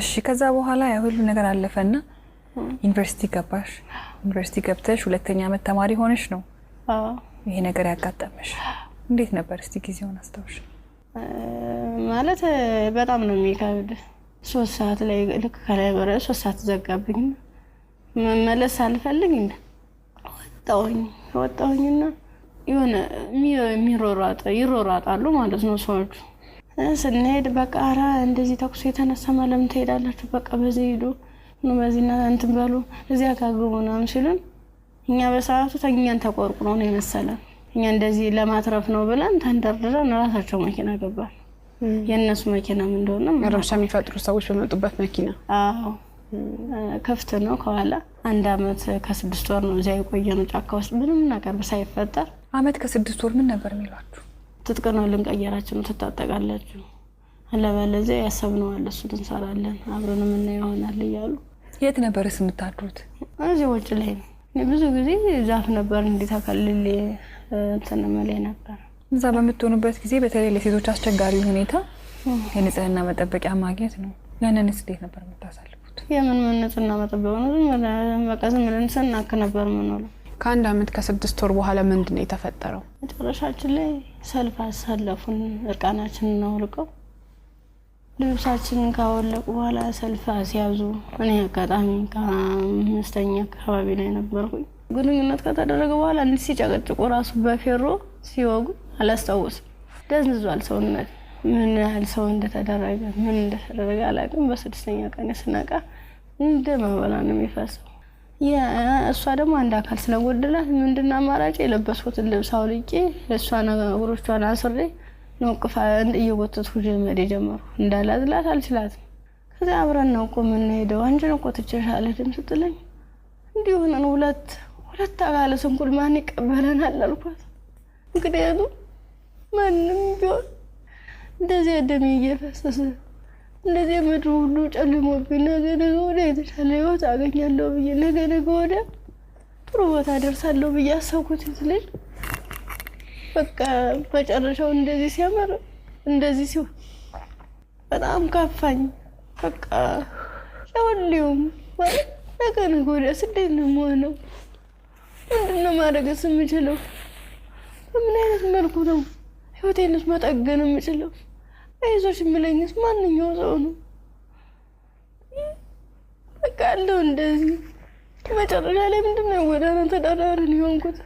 እሺ ከዛ በኋላ ያ ሁሉ ነገር አለፈና ዩኒቨርሲቲ ገባሽ። ዩኒቨርሲቲ ገብተሽ ሁለተኛ ዓመት ተማሪ ሆነሽ ነው ይሄ ነገር ያጋጠመሽ። እንዴት ነበር እስቲ ጊዜውን አስታውሽ? ማለት በጣም ነው የሚከብድ። ሶስት ሰዓት ላይ ልክ ከላይ በረ ሶስት ሰዓት ዘጋብኝ። መመለስ አልፈልግ ወጣሁኝ። ወጣሁኝና የሆነ የሚሮሯጥ ይሮሯጣሉ ማለት ነው ሰዎቹ ስንሄድ በቃ ኧረ እንደዚህ ተኩስ የተነሳ ማለም ትሄዳላችሁ? በቃ በዚህ ሂዱ በዚህ እንትን በሉ እዚያ ጋር ግቡ ምናምን ሲሉን እኛ በሰዓቱ ተኛን ተቆርቁ ነው ነው የመሰለን እኛ እንደዚህ ለማትረፍ ነው ብለን ተንደርድረን ራሳቸው መኪና ገባል። የእነሱ ምን እንደሆነ ረብሻ የሚፈጥሩ ሰዎች በመጡበት መኪና አዎ፣ ክፍት ነው ከኋላ። አንድ አመት ከስድስት ወር ነው እዚያ የቆየነው ጫካ ውስጥ ምንም ነገር ሳይፈጠር። አመት ከስድስት ወር ምን ነበር የሚሏችሁ? ትጥቅ ነው ልንቀየራችሁ ነው ትታጠቃላችሁ፣ አለበለዚያ ያሰብነዋል እሱን እንሰራለን አብረን የምና ይሆናል እያሉ። የት ነበርስ የምታድሩት? እዚህ ውጭ ላይ ነው። ብዙ ጊዜ ዛፍ ነበር እንዴት አካልል ተነመላይ ነበር። እዛ በምትሆኑበት ጊዜ በተለይ ለሴቶች አስቸጋሪ ሁኔታ የንጽህና መጠበቂያ ማግኘት ነው። ያንንስ እንዴት ነበር የምታሳልፉት? የምን ምን ንጽህና መጠበቅ ነው? ዝም ብለን ስናክ ነበር ምንለው ከአንድ አመት ከስድስት ወር በኋላ ምንድን ነው የተፈጠረው? መጨረሻችን ላይ ሰልፍ አሳለፉን። እርቃናችንን አውልቀው ልብሳችንን ካወለቁ በኋላ ሰልፍ አስያዙ። እኔ አጋጣሚ ከአምስተኛ አካባቢ ላይ ነበርኩኝ። ግንኙነት ከተደረገ በኋላ እንዲህ ሲጨቀጭቁ ራሱ በፌሮ ሲወጉ አላስታውስም። ደንዝዟል ሰውነት። ምን ያህል ሰው እንደተደረገ ምን እንደተደረገ አላውቅም። በስድስተኛ ቀን ስነቃ እንደ መበላ ነው የሚፈሰው እሷ ደግሞ አንድ አካል ስለጎደላት ምንድን አማራጭ የለበስኩትን ልብስ አውልቄ እሷን እግሮቿን አስሬ ነቅፋ እየጎተትኩ መሄድ የጀመሩ እንዳላዝላት አልችላትም። ከዚያ አብረን ነው እኮ የምንሄደው አንቺን እኮ ትችልሻለሽ ድምፅ ስትለኝ እንዲሆነን ሁለት ሁለት አካለ ስንኩል ማን ይቀበለናል አልኳት። ምክንያቱም ማንም ቢሆን እንደዚያ ደሜ እየፈሰሰ እንደዚህ ምድሩ ሁሉ ጨልሞብኝ ነገ ነገ ወዲያ የተሻለ ህይወት አገኛለሁ ብዬ ነገ ነገ ወዲያ ጥሩ ቦታ ደርሳለሁ ብዬ አሰብኩት ልጅ በቃ መጨረሻው እንደዚህ ሲያምር እንደዚህ ሲሆን በጣም ካፋኝ። በቃ ለወሊውም ማለት ነገ ነገ ወዲያ ስደት ነው የምሆነው። ምንድን ነው ማድረግስ የምችለው? በምን አይነት መልኩ ነው ህይወቴንስ መጠገን የምችለው? አይዞሽ የምለኝስ ማንኛው ሰው ነው? በቃ አለው እንደዚህ መጨረሻ ላይ ምንድን ነው የጎዳና ተዳዳሪን የሆንኩት?